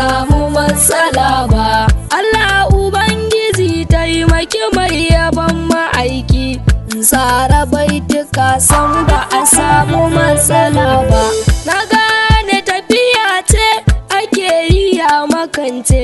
samu matsala ba Allah ubangiji taimaki mai yaban ma'aiki tsara baituka san ba a samu matsala ba na gane tafiya ce ake yi ya makance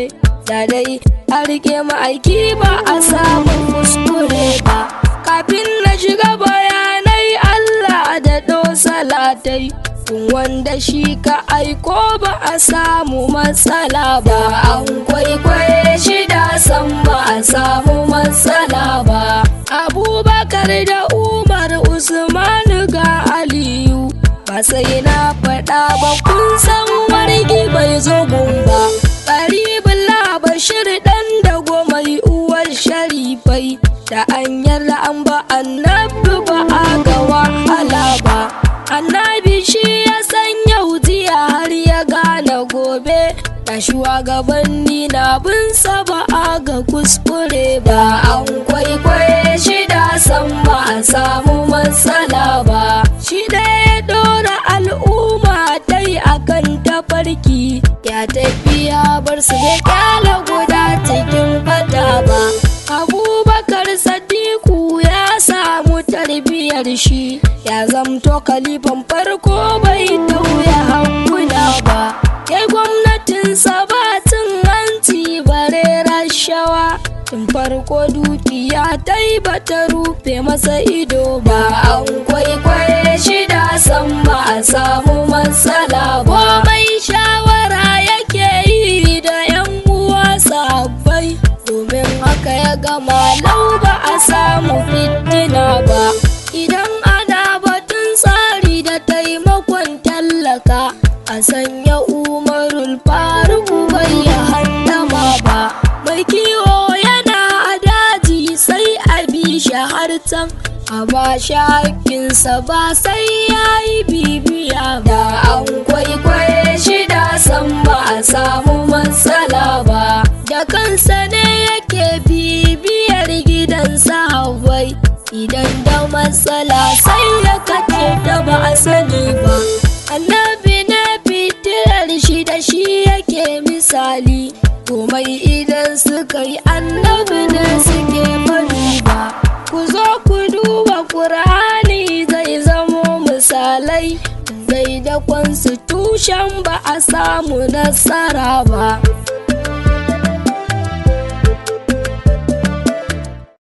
da dai a rike ma'aiki ba a samu kuskure ba kafin na shiga bayanai Allah da dosa latai. wanda shi ka aiko ba a samu matsala ba an kwaikwaye shi da san ba a samu matsala ba abubakar da umar usman ga aliyu ba sai na faɗa ba kun san wargi bai zo ba. gobe da shugabanni na bin saba'a ga kuskure ba an kwaikwaye shida san ba a samu matsala ba shida ya dora al'umma ta yi kan tafarki ya tafiya bar su da kyala guda cikin fata ba abubakar sadiku ya samu tarbiyar shi ya zamto kalifan shawa tun farko dukiya ta yi bata rufe masa ido ba an kwaikwaye shi san ba a samu matsala ba mai shawara yake yi da yan uwa sabbai domin haka ya gama lau ba a samu fitina ba idan ana batun tsari da taimakon tallaka a sanya umar shahartan amma shakinsa ba sai ya yi bibiya da an kwaikwaye shi da san ba a samu matsala ba da kansa ne yake bibiyar gidansa hawai idan da matsala sai ya kace da ba a sani ba annabi na fitilar shi da shi yake misali komai idan suka yi annabi ne suke kwance tushen ba a samu nasara ba.